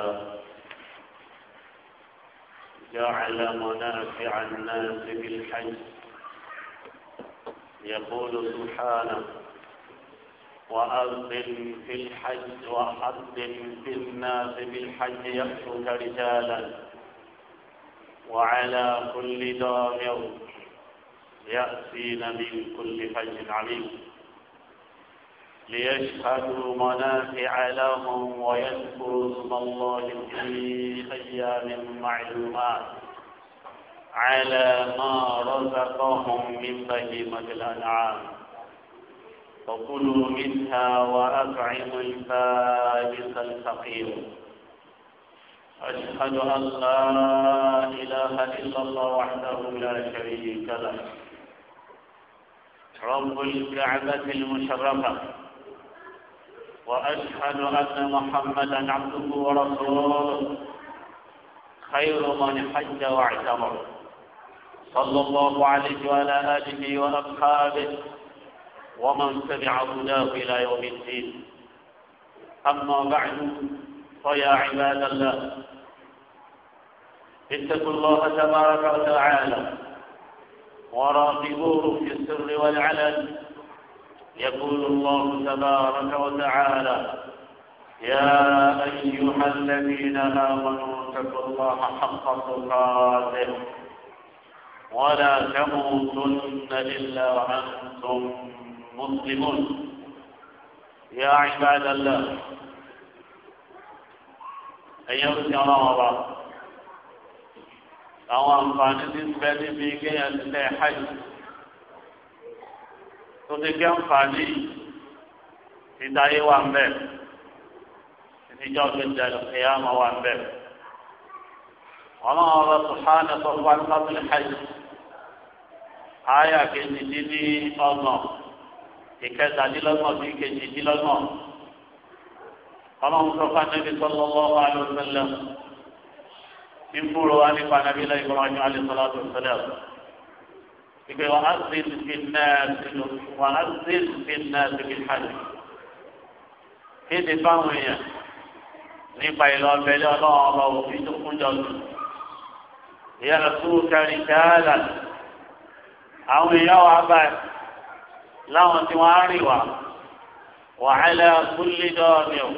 الله جعل منافع الناس بالحج يقول سبحانه وأذن في الحج وحد في الناس بالحج يأتوك رجالا وعلى كل دامر يأتين من كل فج عليم ليشهدوا منافع لهم ويذكروا اسم الله في أيام معلومات على ما رزقهم من بهيمة الأنعام فكلوا منها وأطعموا الفائز الفقير أشهد أن لا إله إلا الله وحده لا شريك له رب الكعبة المشرفة وأشهد أن محمدا عبده ورسوله خير من حج واعتمر صلى الله عليه وعلى آله وأصحابه ومن تبع هداه إلى يوم الدين أما بعد فيا عباد الله اتقوا الله تبارك وتعالى وراقبوه في السر والعلن يقول الله تبارك وتعالى يا أيها الذين آمنوا اتقوا الله حق تقاته ولا تموتن إلا وأنتم مسلمون يا عباد الله أيها الكرامة أو àǹfààní ti ń bẹ níbi tó ti gbé ànfààní ìdáyé wà ń bẹ ìdíjọ́ gbèjà ìyá ọmọ wà ń bẹ. ọlọ́run ọba sùhánà tó wà ní pápẹ́lẹ́ hajj àyà kejìdínlọ́gbọ̀n ìkẹtàdínlọ́gbọ̀n sí kejìdínlọ́gbọ̀n ọlọ́run tó fà níbi sọ́lọ́ lọ́wọ́ àlùfẹ́lẹ́ ń búrò wá nípa nàbílẹ̀ ìgbọ̀nrán ní alẹ́ sọ́lá tó sẹ́lẹ̀ ọ̀sán ìgbẹ́ wà á sí fi náà sínú wà á sí fi náà síbi hajj. kéde fáwọn èèyàn nípa ìlọ́bẹ̀lẹ́ ọlọ́run ọba òfin tó kún jọ lù. ìyá rẹ̀ tó kárí káàdà àwọn èèyàn wà bá láwọn tí wọ́n á rìn wá wàhálà kúlí dọ́ọ̀nì o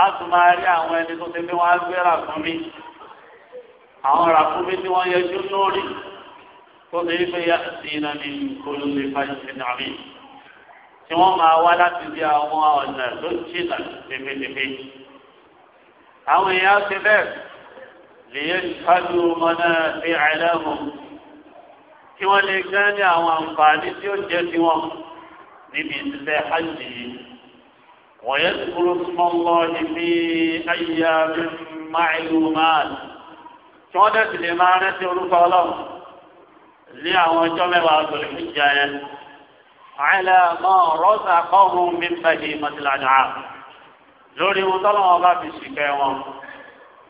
a tún máa rí àwọn ẹni tó ti fi wọ́n á gbéra fún mi àwọn ràkúnmí tí wọ́n yẹjú lórí. فضيف يأتينا من كل فجر عميق سوى ما ولت بأموى والنسجنا بفتفه أو ياسبه ليشهدوا منافع لهم سوى لكان أو أنفاني سيوجة سوى حجه ويذكر اسم الله في أيام معلومات سوى لك لما نسي الله ní àwọn ọjọ́ mẹ́wàá tó lè fi jẹ ẹ́ àìlẹ́ mọ́ rọ́ṣà kọ́hún mi bẹ́ẹ̀ mọ́tìlájà lórí wọn tọ́lọ́ wọn bá fi ṣìkẹ́ wọn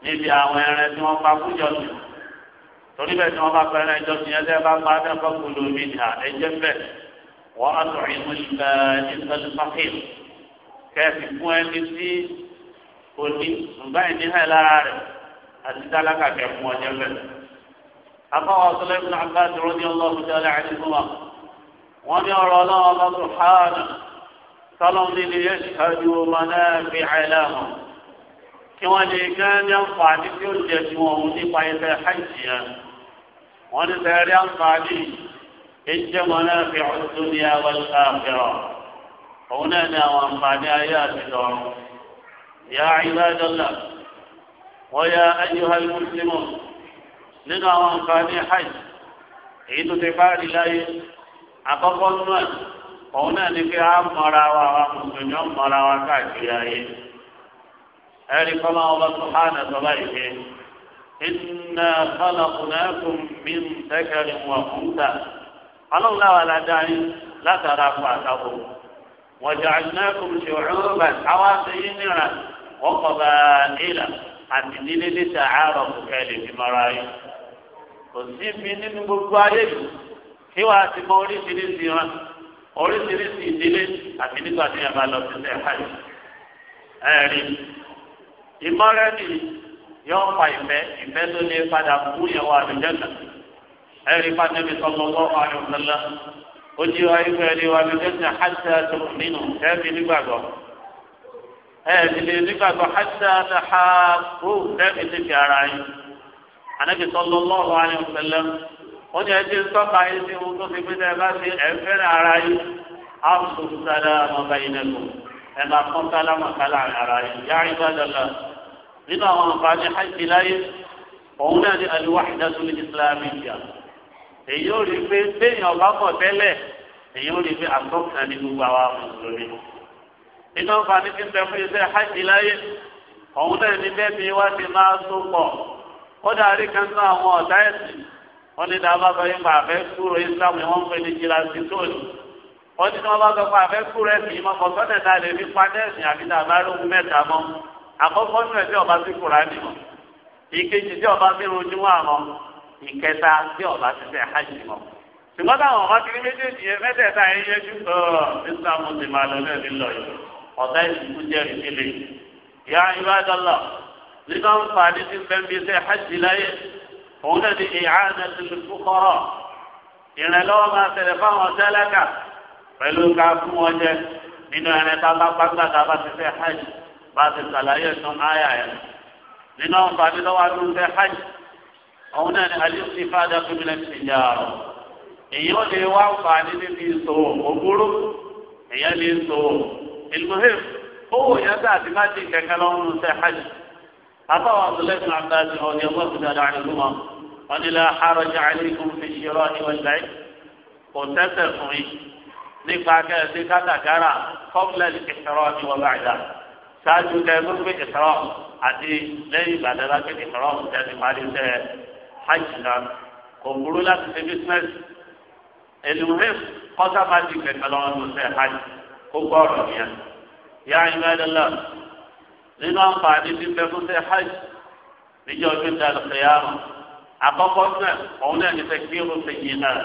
níbi àwọn ẹran tí wọ́n pa fún jọ́sìn torí bẹ́ẹ̀ tí wọ́n bá pẹ́ẹ́rẹ́ jọ́sìn ẹ̀ bá pa ẹ̀ kọ́ kúlù mi ní àẹ́jẹ́ bẹ́ẹ̀ wọ́n á tọ̀ ìmú ìgbà ìsọ̀lù fàkìm kẹ́ẹ̀sì fún ẹni tí kò ní ṣùgbọ́n ìníhẹ̀ lára rẹ̀ àti tálákà kẹ́ fún ọjọ́ bẹ́ẹ̀. أخاه عبد الله بن عباس رضي الله تعالى عنهما ونرى الله سبحانه صلوا ليشهدوا منافع لهم كما كان ينفع بكل ومضيف إلى حجها ونسأل ينفع به إن منافع الدنيا والآخرة هنا وانفع آيات الله يا عباد الله ويا أيها المسلمون nínú àwọn nǹkan ní hajj èyí tó ti báàrí láyé àkọ́kọ́ nínú ẹ̀ òun náà ní kí á mọ̀ra wa wa mùsùlùmí ó mọ̀ra wa káàkiri ayé ẹ̀rí kọ́lá ọba sùhánà sọ́lá ìgbé iná kọ́lá kùnàkùn mi ń tẹ́kẹ̀rì wọn kúta ọlọ́run láwa la dá yín látara pàtàkó wọ́n jẹ́ àjùnákùn ṣòro bẹ̀ àwa ṣe yín níra wọ́n kọ̀ bá ilà àti nílé ní sàárọ̀ kẹ́lẹ̀ fi mọ́ra yín kò síbi nínú gbogbo ayé yìí kí wàá ti mọ oríṣiríṣi hàn oríṣiríṣi ìdílé àti nígbà tí a bá lọ sí ilé ẹ̀ka yìí. ẹ̀rí ìmọ̀rẹ́nì yóò fa ìfẹ́ ìfẹ́ tó lè padà kú ìyàwó àdìjẹ́nà ẹ̀rí pàtẹ́bí sọlọ́gbọ́ àyọ̀kọ́lá ó jí wa ìfẹ́ ẹ̀rí wa àdìjẹ́nà hàṣà tó nínú ẹ̀rí nígbàgbọ́ ẹ̀rí nígbàgbọ́ hàṣà tó hàṣà tó ẹ̀rí ti fi ara yìí anabi sallallahu alaihi wasallam ó ní ẹtí sọ́ka yìí sí ohun tó fi gbé dẹ́ bá sí ẹ̀fẹ́rẹ́ ara yìí áàpù sálá ọba ìnẹ̀kùn ẹ̀ máa kọ́ sálá màkàlà ara yìí yá ìbádọ́lá nínú àwọn àǹfààní hajj láyé òun náà ní al-wahdatul islamiyya èyí ò rí i téèyàn bá mọ̀ tẹ́lẹ̀ èyí ò rí i pé ní gbogbo àwa mùsùlùmí. nínú àǹfààní tí ń bẹ fún iṣẹ́ hajj láyé òun náà ní bẹ́ẹ̀ bí wá ti máa tó pọ̀ kódà rí kankan àwọn ọ̀tá ẹ̀sìn wọ́n ní dáa bá sọ yín pa kúrò islam ni wọ́n ń pè ní jìlásí tóòlù wọ́n ní wọ́n bá sọ pa àfẹ́ kúrò ẹ̀sìn yìí mọ́kàn sọ́dẹ̀ náà lè fi padà ẹ̀sìn àbí dàbá lóhun mẹ́ta mọ́ àkọ́kọ́ nínú ẹ̀sìn ọba sí kùránì mọ́ ìkejì tí ọba sí rojúmọ́ àmọ́ ìkẹta tí ọba sí fẹ́ hajj mọ́ ṣùgbọ́n táwọn ọba nígbà ń fa ní sísẹ ń bí sẹ hajj láyé òun náà ní ìhánà ti lè fúkọrọ ìrànlọ́wọ́ máa tẹ̀lé fáwọn tálákà pẹ̀lú ká fún wọn jẹ nínú ẹ̀rẹ́ tá a bá gbàgbà tá a bá ti fẹ́ hajj bá a ti sàlàyé tún áyà yẹn nínú ọ̀nfà ní lọ́wọ́ adúlù fẹ́ hajj òun náà ní alísí fáadà fún mi náà ti yà ọ́ èyí ó lè wá ọ̀nfà ní níbi ìṣòwò ògbóró èyí á lè ṣòwò ìlú hẹ́ẹ̀ owó yẹn sáà ti má ti kẹ̀kẹ́ lọ́wọ́ fẹ́ hajj. عطاء عبد الله بن عباس رضي الله تعالى عنهما قال لا حرج عليكم في الشراء والبيع وتسفعي nípa kẹ́hìndé kátàkárà kọ́pìlẹ̀ ìṣòro ni wọ́n bá dà ṣáájú kẹ́hìndé pé ìṣòro àti lẹ́yìn ìgbàdàgbà pé ìṣòro tẹ̀sí parí sẹ́ hajj náà kò burú láti ṣe bísínẹ́sì ẹlùmíín kọ́sá máa ti kẹ̀kẹ́ lọ́wọ́ tó sẹ́ hajj kó gbọ́ ọ̀rọ̀ yẹn. yáa ìmọ̀ ẹ̀dọ́lá nínú àǹfààní tí bẹ fún ṣe hajj níjọ́ ọdún dàlù kìyàmù àkọ́kọ́ náà òun náà ní fẹ́ kí irú ṣe yìí náà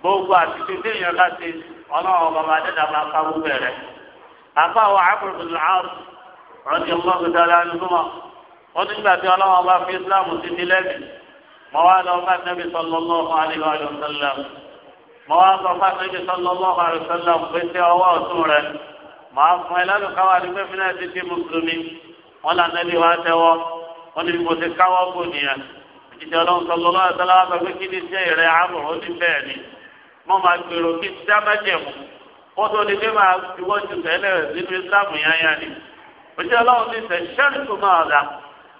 gbogbo àtìkú tí èèyàn bá ti ọlọ́run ọba máa dẹ́dà máa ká gbogbo rẹ̀ àfa wa Amr bin al-As rọ́jì ọlọ́run dára nígbà wọn nígbà tí ọlọ́run ọba fi Islam ti di lẹ́bi mọ wá lọ bá nẹ́bi sallallahu alaihi mọ wá sọ màá fún ẹ lálùkà wà nígbà fún ẹ títí mùsùlùmí wọn là nẹbi wà tẹwọ wọn níbi kò ti káwọ kò nìyẹn ìjọ Ọlọ́run sọlọ lọ àtàlà wà pẹ̀lú kí ni iṣẹ́ rẹ àbọ ó ti bẹ́ẹ̀ ni mo máa gbèrò kí iṣẹ́ bá jẹmu ó tó ní pé máa juwọ́ ju tẹ́lẹ̀ nínú ìsìlámù yányá ni ìjọ Ọlọ́run ti sẹ ṣẹlẹ tó máa dà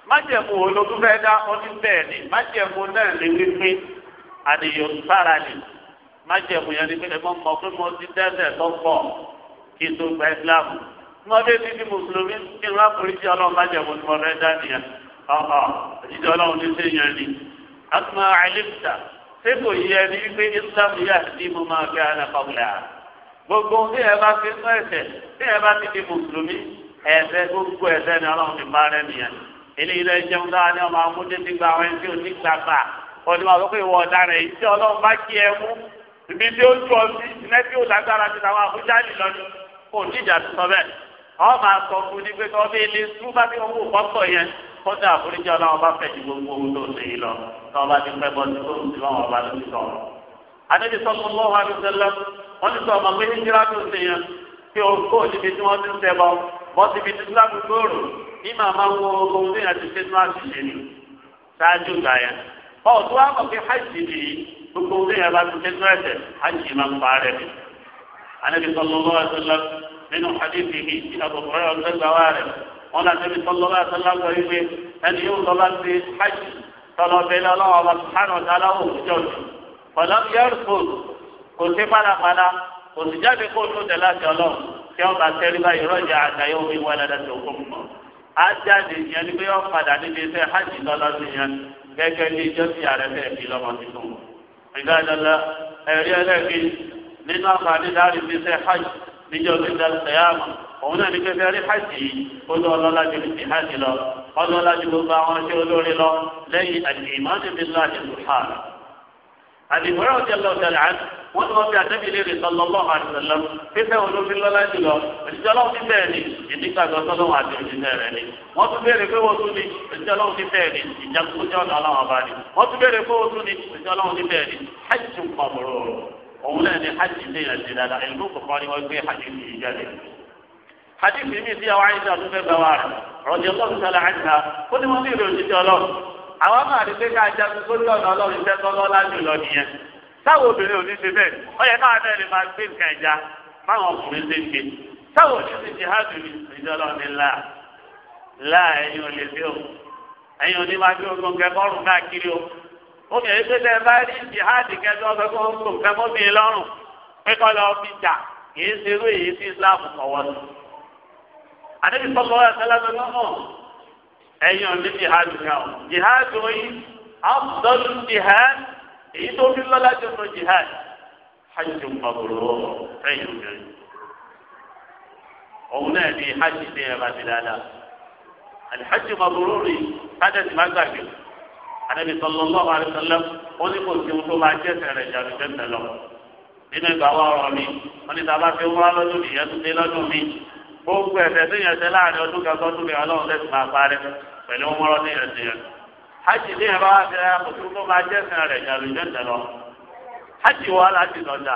májẹ̀mú ológun fẹ́ẹ́ dá ó ti bẹ́ẹ̀ ni májẹ̀mú ètò ìgbà ìsìlámù mọdé ti di mùsùlùmí kí n wá polisi Ọlọ́run bá jẹun tí mo fẹ́ dá nìyẹn ọhọ òjijì Ọlọ́run ti ṣe ni asuma alimta ṣé kò yẹ ni wípé islam yà ní mo máa gbé ara kọkùlà gbogbo tí ẹ bá fi sọ ẹsẹ̀ tí ẹ bá ti di mùsùlùmí ẹsẹ̀ gbogbo ẹsẹ̀ ni Ọlọ́run ti bá rẹ nìyẹn eléyìí lọ jẹun dáa ni ọmọ amúdé ti gba àwọn ẹni tí ò ní gbàgbà ọdún wa lókè ìwọ ọ̀daràn yìí tí Ọlọ́run bá kò níjà ti sọ bẹ́ẹ̀ wọ́n máa sọ fún ní pé kọ́ bí ilé sùn bá bí owó kọ́kọ́ yẹn kọ́tà àforíjì ọlọ́run bá fẹ̀ ju gbogbo ohun tó ṣe yìí lọ tọ́ bá ti pẹ́ bọ́ sí tó ń ti lọ́wọ́ bá sọ. lọ́wọ́ àdúgbò wọ́n ti sọ ọmọ pé tó ṣe yẹn kí o kó níbi tí النبي صلى الله عليه وسلم من حديثه إلى أبو هريرة رضي الله عنه قال النبي صلى الله عليه وسلم ويقول أن يوصل في حج طلب إلى الله سبحانه وتعالى وجل فلم يرفض قلت فلا فلا قلت جاب قلت ثلاثة الله يوم التربة يرجع عند يوم ولدت أمه ajáde yẹn ni pé wọn padà níbi iṣẹ́ hajj lọlọ sí yẹn gẹ́gẹ́ bí ìjọsìn ààrẹ fẹẹ fi lọmọ tuntun ìgbà dọlọ nínú àǹfààní dárí fi ṣe hajj níjọ́ fi dá ṣẹ̀yàmù òun náà ní pé fẹ́ rí hajj yìí ó lọ ọlọ́lá ju ti hajj lọ ọlọ́lá ju gbogbo àwọn ṣé olórí lọ lẹ́yìn àdìmọ́ni bí láti ṣùgbọ́n. àdìmọ́ra ọ̀jẹ̀ lọ sẹ̀lẹ̀ án wọ́n ti wọ́n fi àtẹ́bí léèrè sọlọ́lọ́ àdìsẹ́lọ́ fífẹ́ olófin lọ́lá jùlọ òṣìṣẹ́ ọlọ́run ti bẹ́ẹ̀ ni ìdíkàgbọ́ sọlọ́run àti òṣìṣẹ́ rẹ̀ ni wọ́n tún béèrè pé wọ́n tún bẹ́ẹ̀ òun náà ni hajj lè yàn sí dada ìlú kọ̀ọ̀kan ni wọ́n gbé hajj fi yìí jáde. hajj fi mí sí àwọn àyíṣà tó fẹ́ gbà wá rẹ̀ rọ̀jẹ̀ ọlọ́run sọ̀rọ̀ àyíṣà ó ní wọ́n ní ìròyìn òjijì ọlọ́run àwọn máa rí pé ká já gbogbo ọ̀nà ọlọ́run iṣẹ́ tọ́lọ́ lájú lọ nìyẹn táwọn obìnrin ò ní ṣe bẹ́ẹ̀ ó yẹ káwọn bẹ́ẹ̀ lè máa gbé nǹkan ẹja báwọn ọkùnrin ṣe ń ṣe táwọn ò obìnrin pé tẹ́ bá rí jihadi kẹjọ ọgbẹ́ kó ń sùn fẹ́ mọ́bìnrin lọ́rùn pé kọ́ lọ fi jà kì í ṣe irú èyí sí Islam kọ̀wọ́ ni. àdébí sọ́kọ̀ ọ̀rẹ́ sẹ́lẹ̀mẹ́ lọ́nà ẹ̀yìn ọ̀ní jihadi kan o jihadi oyin afdol jihad èyí tó fi lọ́lá tó sọ jihad hajj mabrur ẹ̀yìn obìnrin. òun náà ni hajj ní ẹ̀ bá ti dáadáa alhajj mabrur rí kájẹ́sì má gbàgbé àdàbí sallallahu alaihi wasallam ó ní kò sí ohun tó máa jẹ́sẹ̀ rẹ̀ jàdù jẹ́sẹ̀ lọ. nínú ìgbà wa ọ̀rọ̀ mi wọ́n ní sábà fi wá lọ́dún mi yẹn tún dé lọ́dún mi. gbogbo ẹ̀fẹ̀ tó yẹn ṣe láàrin ọdún kan sọ́dún mi ọlọ́run tẹ̀sí máa parẹ́ pẹ̀lú ọmọrọ́ ní yẹn ti yẹn. hajj ní ẹ̀rọ afẹ́ kò sí ohun tó máa jẹ́sẹ̀ rẹ̀ jàdù jẹ́sẹ̀ lọ. hajj wa láti lọ́jà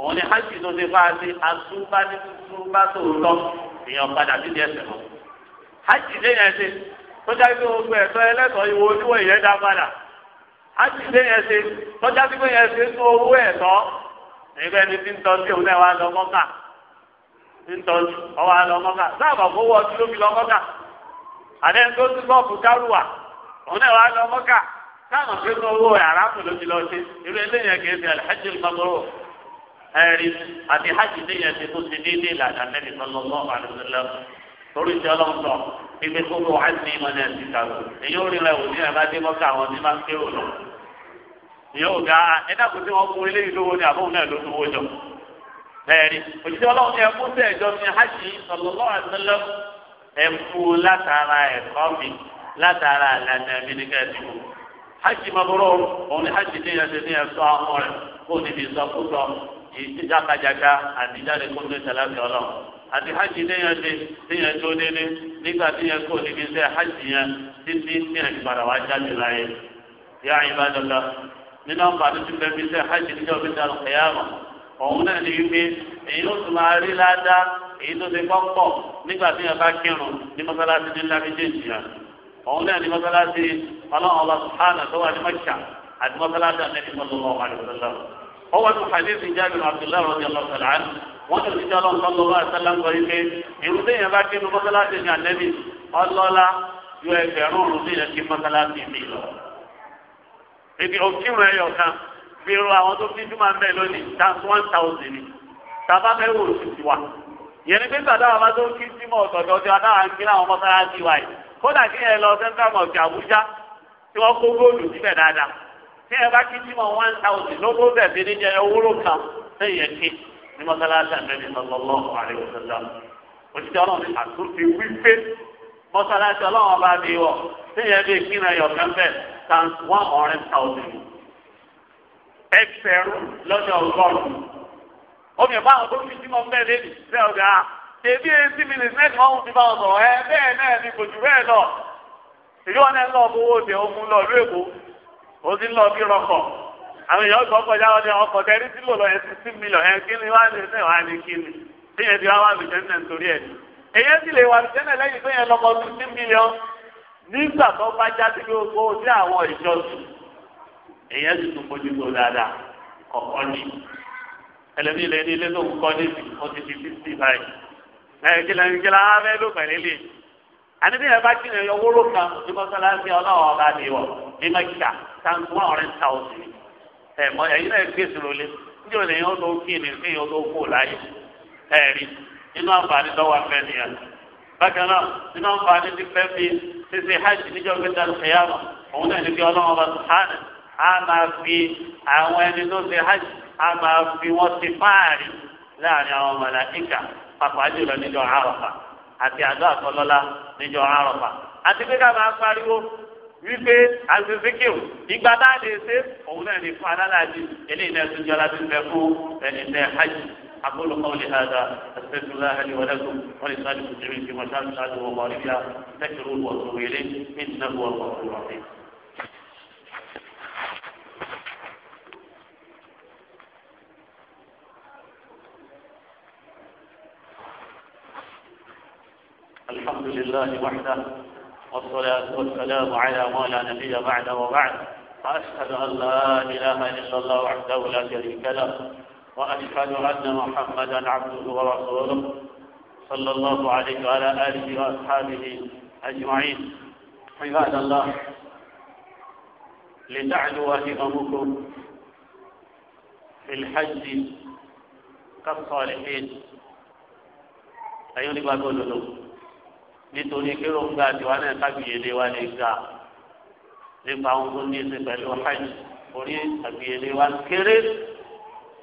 òun ni hajj tó ti fáa sí asúbá tó lọ èèyàn padà sí ẹsẹ̀ mọ́ hajj lẹ́yìn ẹsẹ̀ tọ́já pé gbogbo ẹ̀tọ́ ẹlẹ́tọ̀ọ́ ìwọ oníwọ̀ ìyẹn dá padà á sì gbé yẹn ṣe tọ́já pé yẹn ṣe tó owó ẹ̀tọ́ nígbà ẹni tí ń tọ́jú òun náà wà lọ mọ́kà ń ọwọ́ mọ́kà sáàbà ọtí ló fi lọ mọ́kà tó bọ́ọ̀bù òun náà lọ mọ́kà sáàbà owó ló fi lọ ṣe irú ṣe alhaji ẹ̀rí àti hajj ibi tó lọ wá ní ìmọ̀ náà ti kàwé èyí ò rí rẹ òní rẹ bá dé mọ́kà àwọn ní máa ń kérò lọ. ìyẹn ò ga ẹ̀dá kò tí wọ́n kú ilé ìlówó ni àbóhùn náà ló tó wó jọ. bẹ́ẹ̀ni òṣìṣẹ́ ọlọ́run ẹ kó tẹ̀ ẹ̀jọ́ mi hajj sọlọ́lọ́ àtẹlẹ́ ẹ kú látara ẹ̀kọ́ mi látara àlànà mi ní kẹ́ẹ̀dìbò. hajj maboro òun ni hajj ní ẹsẹ̀ ní ẹ̀sọ́ àti hajj léyàn ṣe léyàn tó délé nígbà tí yẹn kó níbi iṣẹ́ hajj yẹn títí ní àgbàdo wa jáde láyé yá ibadallah nínú àǹfààní tí bẹ́ẹ̀ fi iṣẹ́ hajj níjọ́ fi dàrú kẹyàmọ̀ òun náà ní wípé èyí ó tún máa rí ládàá èyí tó ti pọ́pọ̀ nígbà tí yẹn bá kírun ní mọ́sálásí ní ńlá méjèèjì yẹn òun náà ní mọ́sálásí ọlọ́run ọlọ́sùn hánà tó ní mọ́ṣà àti mọ́sálásí àti mọ́sálásí ọwọ́ tó hadith jáde abdullahi rọ̀jẹ̀ lọ́sọ̀lá wọ́n tó ti jọ́lọ́ صلى الله عليه وسلم ìrùbí yẹn bá kí inú mọ́sálásí ní ànẹ́bí ọlọ́lá yọ ẹgbẹ̀rún ìrùbí yẹn kí mọ́sálásí mi lọ. èdè òkìrùn ẹyọ kan bí irú àwọn tó fi júmọ̀ mẹ́ lónìí that's one thousand ni tàbá fẹ́ wò ó sì ti wà. yẹn ni pé gbàdáwà bá tó kí símọ̀ ọ̀dọ̀dọ̀ tí adáwà ń gbé láwọn mọ́sálásí wa yìí kódà kí ẹ lọ central mosque Àbújá tí wọ́n kó góòlù síbẹ̀ dáadáa tí ẹ bá kí tí mo one thousand lọ́gbọ́n bẹ̀ fi ní jẹ ewúro kan sẹ́yìn ẹ̀kí ní mọ́sálásí àmẹ́bí sallallahu alaihi wasallam òṣìṣẹ́ ọlọ́run àtúntì wípé mọ́sálásí ọlọ́run bá bí wọ̀ sẹ́yìn ẹ̀bí kíni ẹ̀yọ̀ kan bẹ̀ times one hundred thousand ẹgbẹ̀rún lọ́jọ́ ọgọ́rùn-ún omi ẹ̀fọ́ àwọn tó fi tí mo bẹ́ẹ̀ lé bẹ́ẹ̀ ọ̀gá tèmi eighty minutes mẹ́rin wọn ti bá wọn sọ̀rọ̀ ẹ bẹ́ẹ̀ náà ni kò jù bẹ́ẹ̀ lọ ìlú ọ̀nà ẹ̀ lọ́ọ̀ bówó tẹ̀ ó mú lọ lóògùn ó ti ń lọ bí rọkọ̀ àwọn èèyàn ọkọ̀ kọjá wọn ni ọkọ̀ tẹ́rí tí lò lọ ẹ̀ sí sí mílíọ̀ ẹ̀ kí ni wá lè sẹ́wọ̀n á ní kí ni tí yẹn ti wá wà lùjẹ́ náà nítorí ẹ̀ èyí sì lè wà lùjẹ́ náà lẹ́yìn tó yẹn lọ́kọ̀ sí sí mílíọ̀ nígbà tó bá jáde gbogbo sí àwọn ìjọsìn èyí sì tún fojú tó dáadáa kọ̀ọ̀kan ní ẹlẹ́ni ilé ní ilé ló ń kọ́ níbi ó ti fi fífi báyìí ẹ̀ kí lẹ́yìn kí lẹ́yìn abẹ́ ló pẹ̀lú àdébí yẹn bá kíni ẹyọ wóró kan ní mọ́sálásí ọlọ́wọ́ ọba ni wọ ní mẹ́kíkà tanku one hundred thousand ẹ mọ ẹyin náà gbé sùrù lé ní òní yóò tó ni ní yóò tó kó láyé ẹ rí nínú àǹfààní lọ́wọ́ afẹ́ nìyẹn bákan náà nínú àǹfààní ti fẹ́ fi ṣíṣe hajj níjọ́ gbẹ́dá ṣẹ̀yàmọ̀ òun náà ní bí ọlọ́wọ́ bá sùhánà á máa fi àwọn ẹni tó ṣe hajj á máa fi wọ́n ti fáàrí láàrin àwọn màlàíkà pàpàjùlọ níjọ́ àràfà àti àgọ́ àtọlọ́lá níjọ àrọ̀fà àti pé ká máa pariwo wípé àzìzíkìw ìgbà tá a lè ṣe òun náà lè fún alálàájì eléyìí náà tún jọra tún bẹ fún ẹni náà hajj أقول قولي هذا أستغفر الله لي ولكم ولسائر المسلمين في مشاكل الأرض ومغاربها استغفروه وأتوبوا إليه إنه هو الغفور الرحيم الله وحده والصلاة والسلام على ما لا نبي بعد وبعد وأشهد أن لا إله إلا الله وحده لا شريك له وأشهد أن محمدا عبده ورسوله صلى الله عليه وعلى آله وأصحابه أجمعين عباد الله لتعلو هممكم في الحج كالصالحين أيها الإخوة nítorí kí ló ń ga tiwa náà kábíyèlé wa lè ga nípa ohun tó ní ṣe pẹ̀lú hajj orí àbíyèlé wa kéré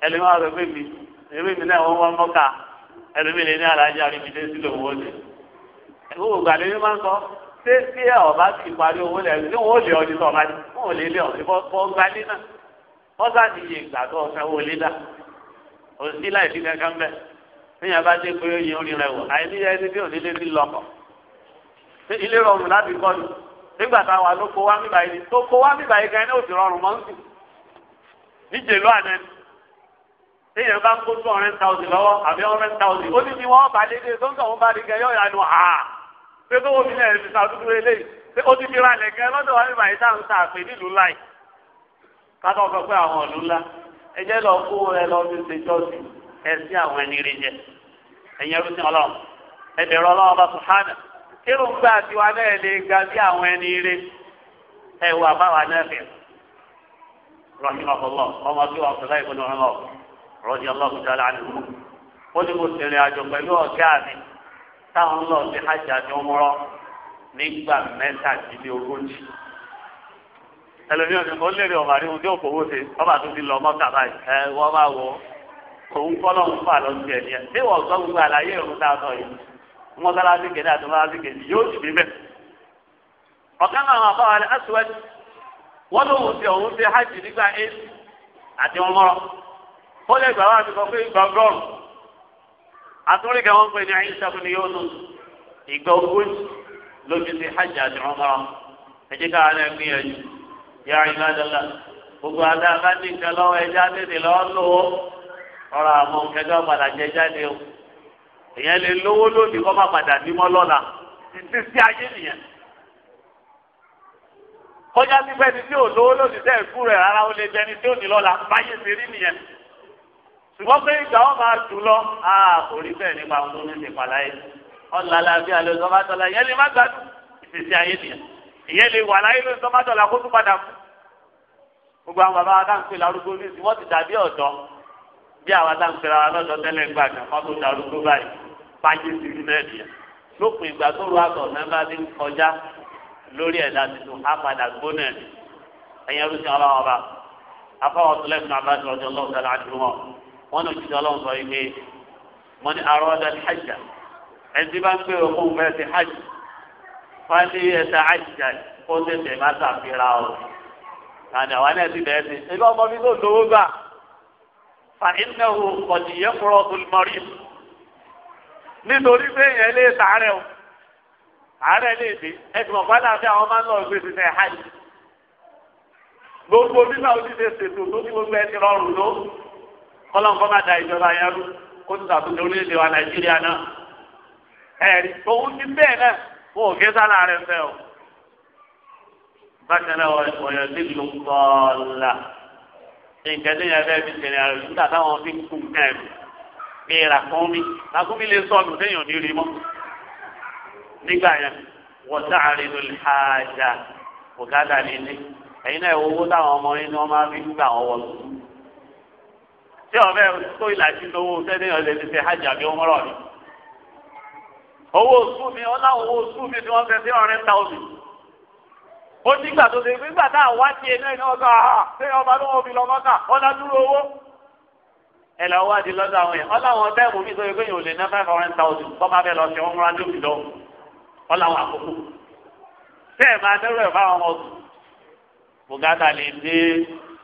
ẹlẹ́wọ̀n rẹ̀ bèbí ẹbí náà wọ́n wọ́n mọ́ka ẹlẹ́mi lè ní alájà rí mi dé sílẹ̀ owó ni. ìwọ gbàdé mi máa ń sọ ṣé tí ẹ ọba ti parí owó lẹ́yìn ní wọ́n ó lé ọdún tó ọba ní wọ́n ò lé lé ọdún bọ́ gbalé náà wọ́n sá ti yẹ ìgbà tó ọ̀sẹ̀ wọ́n lé dà òsì láì fi kankan bẹ́ẹ̀ níyàbá dé ṣé ilé rọrùn láti kọ́ ni nígbà táwa ló kó wá nígbà yìí tó kó wá nígbà yìí gan-an ó sì rọrùn mọ́ nsì níjè ló àná ni téèyàn bá ń kó two hundred thousand lọ́wọ́ àbí hundred thousand ó ní ni wọ́n bá dédé tó ń tọ̀ wọ́n bá dé gan-an yóò yà nù hà pé kó wọ́n mi náà fi sàdúró eléyìí pé ó ti fi ra lẹ̀kẹ́ lọ́dọ̀ wá nígbà yìí tá à ń sàpè nílùú láì kátó sọ pé àwọn ìlú ńlá ẹ jẹ́ lọ kó ẹ lọ fi ṣe jọ́sì ẹ sí àwọn ẹni rí jẹ ẹ̀yin sí ọlọ́run ẹ ọlọ́run bá sùn hánà èròǹgbà tiwa náà lè ga sí àwọn ẹni rẹ ẹ wà báwa náà fẹ rọhìmọ̀kọ̀lọ́ ọmọ ọmọ rọ́jì ọlọ́run dára O ó ní mo mi táwọn lọ sí hajj àti ọmọrọ nígbà ẹlòmíràn ọmọ àríwú tí òkò owó ṣe ọba tó ti lọ ọmọ kàbá ẹ wọ́n wọ òun kọ́ lọ́hún fà mọ́sálásí kejì àti mọ́sálásí kejì yóò sì fi bẹ́ẹ̀. ọ̀kan náà wà fáwọn aswad wọ́n ló wù sí hajj nígbà éèdì àti wọn mọ́rọ́ ó lè gbà wá sí sọ pé gbàgbọ́rù àtúndì kan pè ní àyíṣàkùn ni yóò nù ìgbà sí hajj àti wọn mọ́rọ́ ẹ̀jẹ̀ káwọn náà gbogbo adá bá ní tètè lọ́ọ́ èèyàn lè lówó lónìí kọ́ má padà nímọ́ lọ́la ìdí sí ayé nìyẹn. kọjá sípẹ́ ni tí ò lówó lónìí tẹ́ ẹ̀kú rẹ̀ rárá ó lè jẹ́ ni tí ò ní lọ́la báyé ti rí nìyẹn. ṣùgbọ́n pé ìgbà wọn máa jù lọ a kò rí bẹ́ẹ̀ nípa ohun tó ní ti pàláyé. ọ̀là làbí alẹ́ sọ́mátọ́lá ìyẹn lè má gbádùn ìdí sí ayé nìyẹn. ìyẹn lè wà láyé lórí sọ́mátọ́lá kó tún padà fún. gbogbo àwọn bàbá wa tá fáyé sí rí náà nìyẹn lópin ìgbà tó wà tọ̀ náà bá ti ń kọjá lórí ẹ̀dá tuntun á padà gbóná ẹ̀ ẹ̀yẹ ló ti ọlọ́wọ́ bá afọwọ́ tó lẹ́nu àbá tó ọjọ́ ọlọ́wọ́ tó láti wọn wọn ló ti sọ ọlọ́wọ́ sọ yìí pé mo ní àrọ́ ọ̀dà hajj ẹ̀sì bá ń pè ọkọ̀ òun ti hajj fáyé ẹ̀sà hajj kó tètè má sàfihàn ọ̀ àti àwọn náà ti bẹ̀ẹ́ sí ẹgbẹ́ ọmọ mi tó lówó gbà fa iná nítorí pé èèyàn lè sàárẹ̀ o àárẹ̀ lè dé ẹtì mọ̀ padà bí àwọn máa ń lọ gbé ti sẹ́ hajj gbogbo nígbà ó ti ṣe ṣètò tó ní gbogbo ẹtì rọrùn ló kọ́lọ́nkọ́ má da ìjọba yẹn rú kó tó ṣàtúnṣe orílẹ̀-èdè wa nàìjíríà náà ẹ̀rí òun ti bẹ́ẹ̀ náà wọn ò gé sálà rẹ̀ fẹ́ o bákan náà ọ̀yọ̀ nílùú kọ́ọ̀lá nǹkan tó yẹ fẹ́ fi ṣẹlẹ̀ àrùn nígbà táwọn fi kú kẹ́ẹ̀mí. bíi ràkúnmí ràkúnmí lè sọnù téèyàn ní rí mọ́ nígbà yẹn wọ́n sáàrin lórí àjà bùkátà nílé ẹ̀yin owó táwọn ọmọ yín ni wọ́n máa fi gbà wọ́n wọ́n tí ọ̀fẹ́ tó ìlàjì lówó owó oṣù mi owó oṣù mi wọ́n fẹ́ sí ọ̀rẹ́ ó ẹ lọ wádìí lọ́dọ̀ àwọn yẹn ọláwọn bẹ́ẹ̀mù mi sọ̀rọ̀ pé yóò lè ná five hundred thousand bọ́ máa fẹ́ lọ sí ọmọ adó mi lọ ọláwọn àkókò bẹ́ẹ̀ máa dẹ́rù ẹ̀ fáwọn ọmọ ọ̀sùn bùkátà lè dé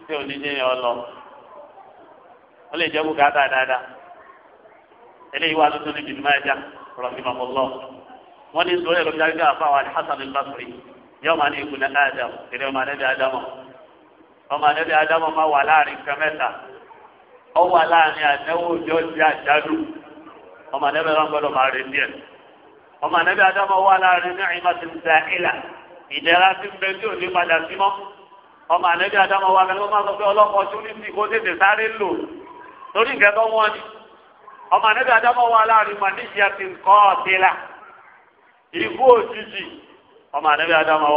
tí ò ní jẹ́ yẹn lọ ó lè jẹ́ bùkátà dáadáa eléyìí wà lóṣù níbi ìdúmọ̀ ẹja rọ̀bìmọ̀kọ̀lọ́ wọ́n ní sọ̀rọ̀ ẹ̀rọ jáde àfáwọn alhassan al-basri yóò máa ní ìkùnà ádámù kìlẹ̀ ọmọ anẹ́bí ádámù ọmọ anẹ́bí ádámù máa wà láàrin kẹmẹ́ta ọwọ́ aláàárín àtẹ́wò yóò di àjálù ọmọ anẹ́bẹ̀ wọn gbọ́dọ̀ máa rí díẹ̀ ọmọ anẹ́bẹ̀ adámọ̀ wà láàárín ní àyìnbá ti ń ta ìlà ìdẹ́ra ti ń bẹ tí ò ní padà sí mọ́ ọmọ anẹ́bẹ̀ adámọ̀ wà kẹ́lẹ́ wọ́n máa sọ pé ọlọ́kọ̀ tún ní ti kó tètè sáré lò torí nǹkan tó wọ́n ni ọmọ anẹ́bẹ̀ adámọ̀ wà láàárín mà níṣìyà ti ń kọ́ ọ̀tẹ́là ìkú òjijì ọmọ anẹ́bẹ̀ adámọ̀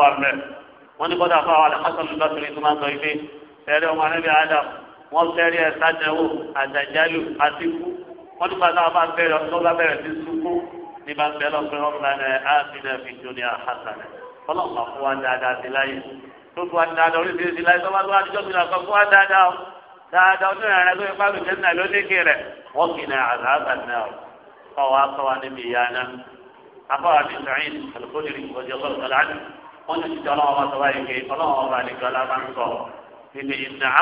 wà wọ́n fẹ́rí ẹ̀ sádẹ́wò àdàjálù àtikú wọ́n nípa náà bá bẹ̀rẹ̀ lọ́gbà bẹ̀rẹ̀ sí sukú ní bá bẹ̀rẹ̀ lọ́gbà ọ̀gbà ẹ̀ áàfin ẹ̀fìn jóni àhásánà ọlọ́pàá fún wa dáadáa sí láyé tó fún wa dáadáa oríṣiríṣi sí láyé tọ́ba tó wá dijọ́ gbìyànjú fún wa dáadáa o dáadáa oní ìrìn àgbẹ̀ ipá mi jẹ́nà ló ní kiri wọ́n kì í náà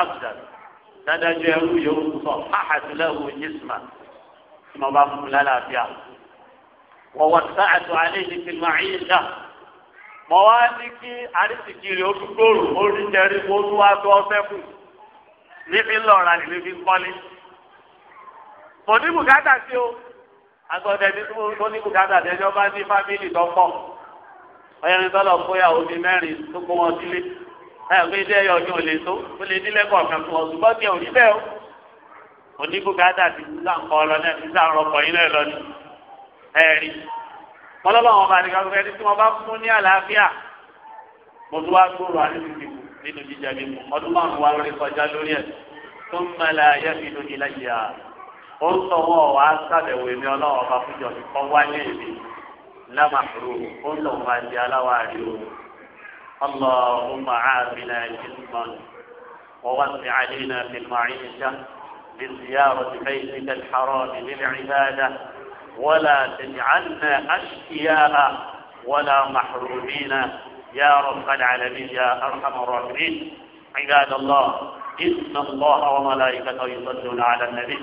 àgbà náà kọ́ dádájọ́ ẹrú yòówù sọ áhàtìlẹ́wò jésùmá tí mo bá fún un lálàáfíà wọ́n wọ́n sáàtò àléjì ti máa yín dá mọ wá ní kí àrísìkiri olúgbòrò oríṣiríṣi mo tún wá tó ọ̀sẹ̀ kù níbi ńlọra níbi fi ń kọ́lé kò ní bùkátà o agbọ̀dẹ̀ ní tó ní bùkátà tẹ́jọ́ bá ní fámìlì tó pọ̀ ọ̀yẹ́rin tọ́lọ̀ fóyàwó bíi mẹ́rin tó kó wọn sílé ẹgbẹ́ ilé ẹyọ ọdún ò lè tó ó lè nílẹ̀ kọ̀ọ̀kan fún ọ̀sùn bọ́ọ̀dì ò rí bẹ́ẹ̀ o oníbùkátà ti sísá nǹkan ọlọ náà sísá ọkọ̀ yín náà lọ ní ẹ̀rí mọ́lọ́lọ́wọ́n ọba àti kakọ̀ ẹni tí wọ́n bá fún ní àlàáfíà mo tún wá gbòòrò àdébí ti kù nínú jíjẹ mi mú ọdún márùn-ún wa lórí kọjá lórí ẹ̀ tó ń mẹ́lẹ̀ ayé mi lójú láyé a ó ń tọwọ́ wa sábẹ̀wò èmi ọlọ́wọ́ ọba fúnjọ mi kọ́ wáyé èmi lámàkúrò ó ń tọwọ́ wa اللهم عافنا جسما ووسع علينا في المعيشة من زياره بيتك الحرام للعبادة ولا تجعلنا أشقياء ولا محرومين يا رب العالمين يا أرحم الراحمين عباد الله إن الله وملائكته يصلون على النبي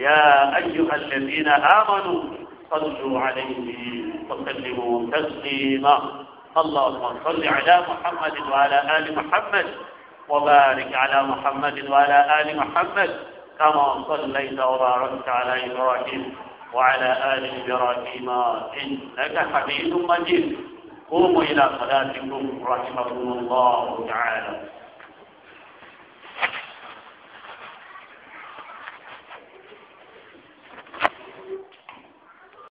يا أيها الذين آمنوا صلوا عليه وسلموا تسليما اللهم صل على محمد وعلى آل محمد وبارك على محمد وعلى آل محمد كما صليت وباركت على إبراهيم وعلى آل إبراهيم إنك حميد مجيد قوموا إلى صلاتكم رحمكم الله تعالى